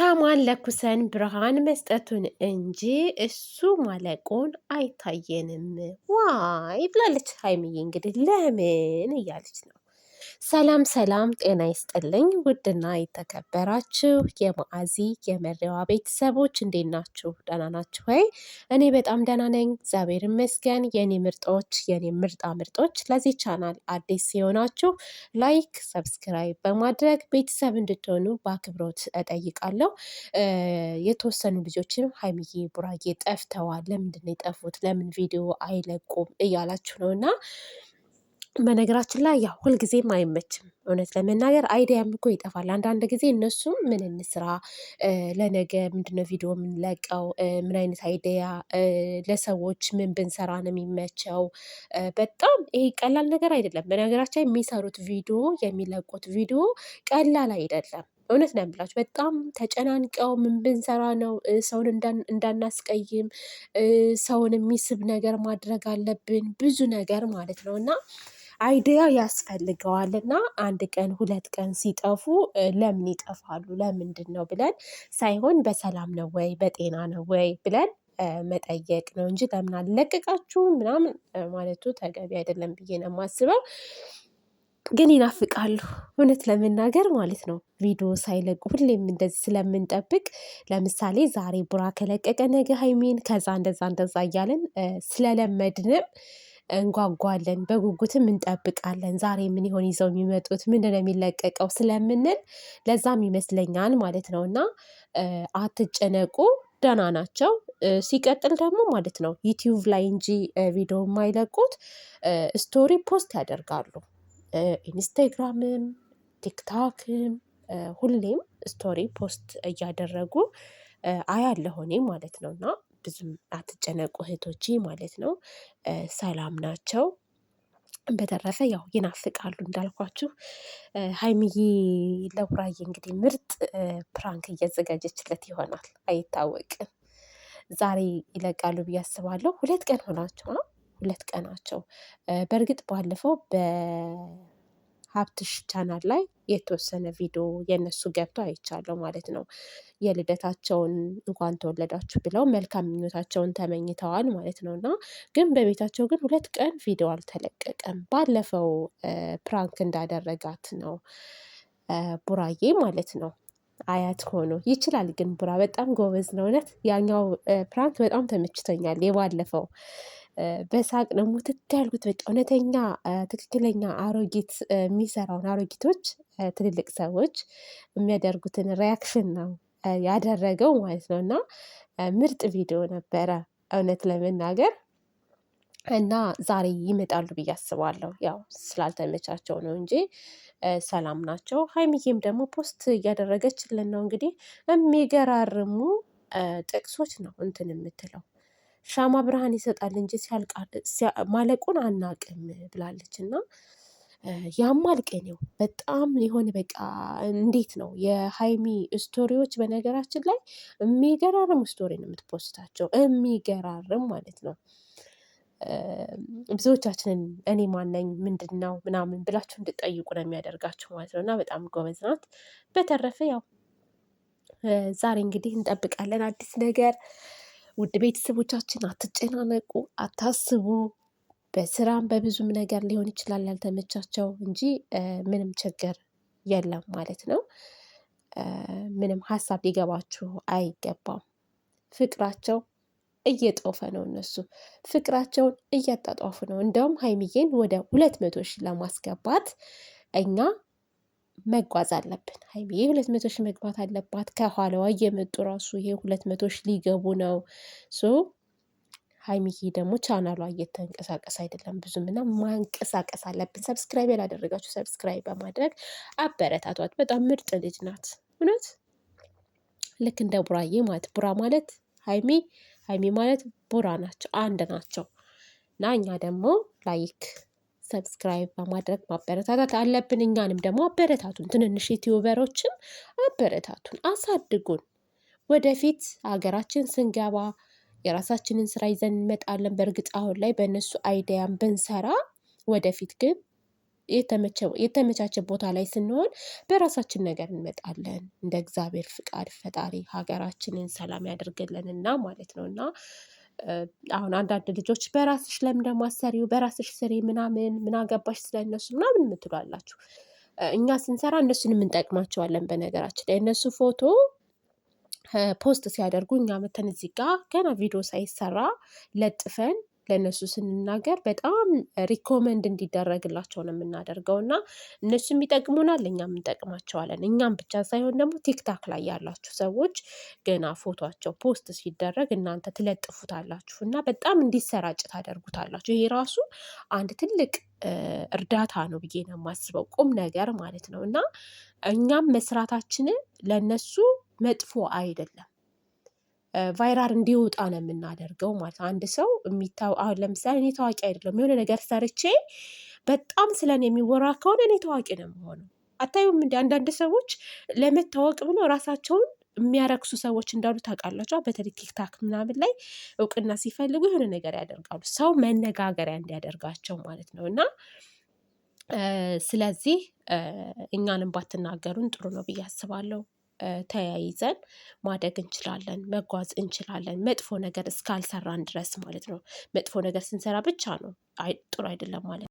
ሻማን ለኩሰን ብርሃን መስጠቱን እንጂ እሱ ማለቁን አይታየንም። ዋይ ብላለች ሀይሚዬ። እንግዲህ ለምን እያለች ነው ሰላም ሰላም፣ ጤና ይስጥልኝ ውድና የተከበራችሁ የማአዚ የመሪዋ ቤተሰቦች እንዴት ናችሁ? ደህና ናችሁ ወይ? እኔ በጣም ደህና ነኝ፣ እግዚአብሔር ይመስገን። የኔ ምርጦች፣ የኔ ምርጣ ምርጦች፣ ለዚህ ቻናል አዲስ ሲሆናችሁ ላይክ፣ ሰብስክራይብ በማድረግ ቤተሰብ እንድትሆኑ በአክብሮት እጠይቃለሁ። የተወሰኑ ልጆችም ሀይሚዬ፣ ቡራጌ ጠፍተዋል፣ ለምንድን ነው የጠፉት? ለምን ቪዲዮ አይለቁም እያላችሁ ነው እና በነገራችን ላይ ያው ሁልጊዜም አይመችም። እውነት ለመናገር አይዲያም እኮ ይጠፋል። አንዳንድ ጊዜ እነሱም ምን እንስራ ለነገ ምንድነው ቪዲዮ የምንለቀው፣ ምን አይነት አይዲያ ለሰዎች ምን ብንሰራ ነው የሚመቸው። በጣም ይሄ ቀላል ነገር አይደለም። በነገራችን የሚሰሩት ቪዲዮ የሚለቁት ቪዲዮ ቀላል አይደለም። እውነት ነው የምላችሁ። በጣም ተጨናንቀው ምን ብንሰራ ነው ሰውን እንዳናስቀይም፣ ሰውን የሚስብ ነገር ማድረግ አለብን ብዙ ነገር ማለት ነው እና አይዲያ ያስፈልገዋል እና አንድ ቀን ሁለት ቀን ሲጠፉ ለምን ይጠፋሉ ለምንድን ነው ብለን ሳይሆን በሰላም ነው ወይ በጤና ነው ወይ ብለን መጠየቅ ነው እንጂ ለምን አልለቀቃችሁ ምናምን ማለቱ ተገቢ አይደለም ብዬ ነው የማስበው። ግን ይናፍቃሉ እውነት ለመናገር ማለት ነው። ቪዲዮ ሳይለቁ ሁሌም እንደዚህ ስለምንጠብቅ ለምሳሌ ዛሬ ቡራ ከለቀቀ ነገ ሀይሜን ከዛ እንደዛ እንደዛ እያለን ስለለመድንም እንጓጓለን፣ በጉጉትም እንጠብቃለን። ዛሬ ምን ይሆን ይዘው የሚመጡት ምንድን ነው የሚለቀቀው ስለምንል ለዛም ይመስለኛል ማለት ነው። እና አትጨነቁ፣ ደህና ናቸው። ሲቀጥል ደግሞ ማለት ነው ዩቲዩብ ላይ እንጂ ቪዲዮ የማይለቁት ስቶሪ ፖስት ያደርጋሉ። ኢንስታግራምም ቲክታክም ሁሌም ስቶሪ ፖስት እያደረጉ አያለሁ እኔ ማለት ነው እና ብዙም አትጨነቁ እህቶቼ ማለት ነው። ሰላም ናቸው። በተረፈ ያው ይናፍቃሉ እንዳልኳችሁ ሀይሚዬ ለቡራዬ እንግዲህ ምርጥ ፕራንክ እያዘጋጀችለት ይሆናል አይታወቅም። ዛሬ ይለቃሉ ብዬ አስባለሁ ሁለት ቀን ሆናቸው ነው ሁለት ቀናቸው። በእርግጥ ባለፈው በሀብትሽ ቻናል ላይ የተወሰነ ቪዲዮ የነሱ ገብቶ አይቻለሁ ማለት ነው። የልደታቸውን እንኳን ተወለዳችሁ ብለው መልካም ምኞታቸውን ተመኝተዋል ማለት ነው እና ግን በቤታቸው ግን ሁለት ቀን ቪዲዮ አልተለቀቀም። ባለፈው ፕራንክ እንዳደረጋት ነው ቡራዬ ማለት ነው። አያት ሆኖ ይችላል ግን ቡራ በጣም ጎበዝ ነው። እውነት ያኛው ፕራንክ በጣም ተመችቶኛል የባለፈው በሳቅ ነው ሙትት ያልኩት። በቃ እውነተኛ ትክክለኛ አሮጊት የሚሰራውን አሮጊቶች ትልልቅ ሰዎች የሚያደርጉትን ሪያክሽን ነው ያደረገው ማለት ነው። እና ምርጥ ቪዲዮ ነበረ እውነት ለመናገር እና ዛሬ ይመጣሉ ብዬ አስባለሁ። ያው ስላልተመቻቸው ነው እንጂ ሰላም ናቸው። ሀይሚዬም ደግሞ ፖስት እያደረገችልን ነው። እንግዲህ የሚገራርሙ ጥቅሶች ነው እንትን የምትለው ሻማ ብርሃን ይሰጣል እንጂ ማለቁን አናቅም ብላለች። እና ያማል በጣም የሆነ በቃ እንዴት ነው የሀይሚ ስቶሪዎች በነገራችን ላይ የሚገራርም ስቶሪ ነው የምትፖስታቸው የሚገራርም ማለት ነው። ብዙዎቻችንን እኔ ማነኝ ምንድን ነው ምናምን ብላችሁ እንድጠይቁ ነው የሚያደርጋችሁ ማለት ነው። እና በጣም ጎበዝ ናት። በተረፈ ያው ዛሬ እንግዲህ እንጠብቃለን አዲስ ነገር ውድ ቤተሰቦቻችን አትጨናነቁ፣ አታስቡ። በስራም በብዙም ነገር ሊሆን ይችላል ያልተመቻቸው እንጂ ምንም ችግር የለም ማለት ነው። ምንም ሀሳብ ሊገባችሁ አይገባም። ፍቅራቸው እየጦፈ ነው። እነሱ ፍቅራቸውን እያጣጧፉ ነው። እንደውም ሀይሚዬን ወደ ሁለት መቶ ሺህ ለማስገባት እኛ መጓዝ አለብን። ሀይሚዬ ሁለት መቶ ሺህ መግባት አለባት። ከኋላዋ እየመጡ ራሱ ይሄ ሁለት መቶ ሺህ ሊገቡ ነው። ሶ ሀይሚዬ ደግሞ ቻናሏ እየተንቀሳቀስ አይደለም ብዙም እና ማንቀሳቀስ አለብን። ሰብስክራይብ ያላደረጋችሁ ሰብስክራይብ በማድረግ አበረታቷት። በጣም ምርጥ ልጅ ናት። እውነት ልክ እንደ ቡራዬ ማለት ቡራ ማለት ሀይሚ ሀይሚ ማለት ቡራ ናቸው፣ አንድ ናቸው እና እኛ ደግሞ ላይክ ሰብስክራይብ በማድረግ ማበረታታት አለብን። እኛንም ደግሞ አበረታቱን፣ ትንንሽ ዩቲዩበሮችን አበረታቱን፣ አሳድጉን። ወደፊት ሀገራችን ስንገባ የራሳችንን ስራ ይዘን እንመጣለን። በእርግጥ አሁን ላይ በእነሱ አይዲያም ብንሰራ፣ ወደፊት ግን የተመቻቸ ቦታ ላይ ስንሆን በራሳችን ነገር እንመጣለን። እንደ እግዚአብሔር ፍቃድ ፈጣሪ ሀገራችንን ሰላም ያደርግልንና ማለት ነው እና አሁን አንዳንድ ልጆች በራስሽ ለምን ደግሞ አሰሪው በራስሽ ስሪ ምናምን ምናገባሽ ስለነሱ ምናምን የምትሏላችሁ። እኛ ስንሰራ እነሱን የምንጠቅማቸዋለን። በነገራችን ላይ እነሱ ፎቶ ፖስት ሲያደርጉ እኛ መተን እዚህ ጋ ገና ቪዲዮ ሳይሰራ ለጥፈን ለእነሱ ስንናገር በጣም ሪኮመንድ እንዲደረግላቸው ነው የምናደርገው እና እነሱም ይጠቅሙናል፣ እኛም እንጠቅማቸዋለን። እኛም ብቻ ሳይሆን ደግሞ ቲክታክ ላይ ያላችሁ ሰዎች ገና ፎቷቸው ፖስት ሲደረግ እናንተ ትለጥፉታላችሁ እና በጣም እንዲሰራጭ ታደርጉታላችሁ። ይሄ ራሱ አንድ ትልቅ እርዳታ ነው ብዬ ነው የማስበው፣ ቁም ነገር ማለት ነው እና እኛም መስራታችንን ለእነሱ መጥፎ አይደለም። ቫይራል እንዲወጣ ነው የምናደርገው ማለት አንድ ሰው የሚታወ አሁን ለምሳሌ እኔ ታዋቂ አይደለም የሆነ ነገር ሰርቼ በጣም ስለን የሚወራ ከሆነ እኔ ታዋቂ ነው የምሆነው። አታዩም እንዲ አንዳንድ ሰዎች ለመታወቅ ብሎ ራሳቸውን የሚያረክሱ ሰዎች እንዳሉ ታውቃላችሁ። በተለይ ቲክታክ ምናምን ላይ እውቅና ሲፈልጉ የሆነ ነገር ያደርጋሉ፣ ሰው መነጋገሪያ እንዲያደርጋቸው ማለት ነው እና ስለዚህ እኛንም ባትናገሩን ጥሩ ነው ብዬ አስባለሁ። ተያይዘን ማደግ እንችላለን መጓዝ እንችላለን መጥፎ ነገር እስካልሰራን ድረስ ማለት ነው። መጥፎ ነገር ስንሰራ ብቻ ነው ጥሩ አይደለም ማለት ነው